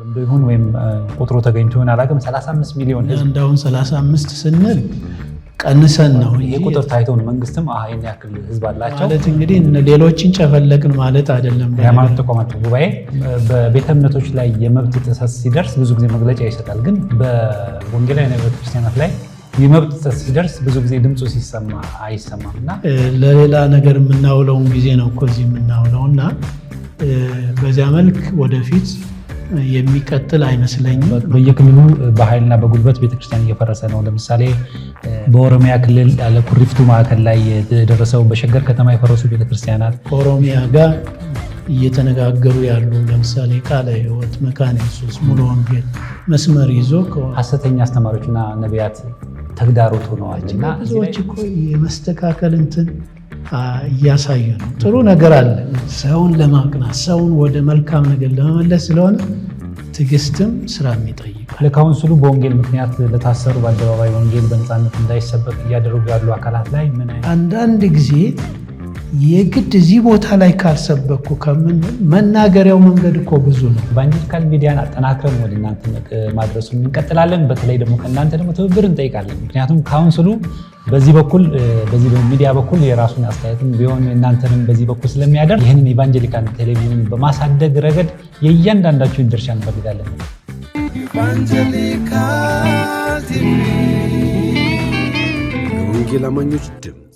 ተለምዶ ይሁን ወይም ቁጥሩ ተገኝቶ ይሁን አላውቅም 35 ሚሊዮን ህዝብ እንዳሁን 35 ስንል ቀንሰን ነው የቁጥር ታይቶን መንግስትም ይህን ያክል ህዝብ አላቸው ማለት እንግዲህ ሌሎችን ጨፈለቅን ማለት አይደለም። የሃይማኖት ተቋማት ጉባኤ በቤተ እምነቶች ላይ የመብት ጥሰት ሲደርስ ብዙ ጊዜ መግለጫ ይሰጣል። ግን በወንጌላውያን ቤተክርስቲያናት ላይ የመብት ጥሰት ሲደርስ ብዙ ጊዜ ድምፁ ሲሰማ አይሰማም እና ለሌላ ነገር የምናውለውን ጊዜ ነው እኮ እዚህ የምናውለው እና በዚያ መልክ ወደፊት የሚቀጥል አይመስለኝም። በየክልሉ በኃይልና በጉልበት ቤተክርስቲያን እየፈረሰ ነው። ለምሳሌ በኦሮሚያ ክልል ያለ ኩሪፍቱ ማዕከል ላይ የደረሰው፣ በሸገር ከተማ የፈረሱ ቤተክርስቲያናት ከኦሮሚያ ጋር እየተነጋገሩ ያሉ ለምሳሌ ቃለ ሕይወት፣ መካነ ኢየሱስ፣ ሙሉ ወንጌል መስመር ይዞ ሐሰተኛ አስተማሪዎችና ነቢያት ተግዳሮት ሆነዋል እና ብዙዎች እኮ የመስተካከል እንትን እያሳዩ ነው። ጥሩ ነገር አለ። ሰውን ለማቅናት ሰውን ወደ መልካም ነገር ለመመለስ ስለሆነ ትዕግስትም ስራ ይጠይቃል። ለካውንስሉ በወንጌል ምክንያት ለታሰሩ በአደባባይ ወንጌል በነፃነት እንዳይሰበክ እያደረጉ ያሉ አካላት ላይ ምን አንዳንድ ጊዜ የግድ እዚህ ቦታ ላይ ካልሰበኩ ከምን መናገሪያው መንገድ እኮ ብዙ ነው። ኢቫንጀሊካል ሚዲያን አጠናክረን ወደ እናንተ ማድረሱን እንቀጥላለን። በተለይ ደግሞ ከእናንተ ደግሞ ትብብር እንጠይቃለን። ምክንያቱም ካውንስሉ በዚህ በኩል በዚህ በሚዲያ በኩል የራሱን አስተያየትም ቢሆን እናንተንም በዚህ በኩል ስለሚያደርግ ይህንን ኢቫንጀሊካን ቴሌቪዥን በማሳደግ ረገድ የእያንዳንዳችሁን ድርሻ እንፈልጋለን። ኢቫንጀሊካል ቲቪ የወንጌል አማኞች ድምፅ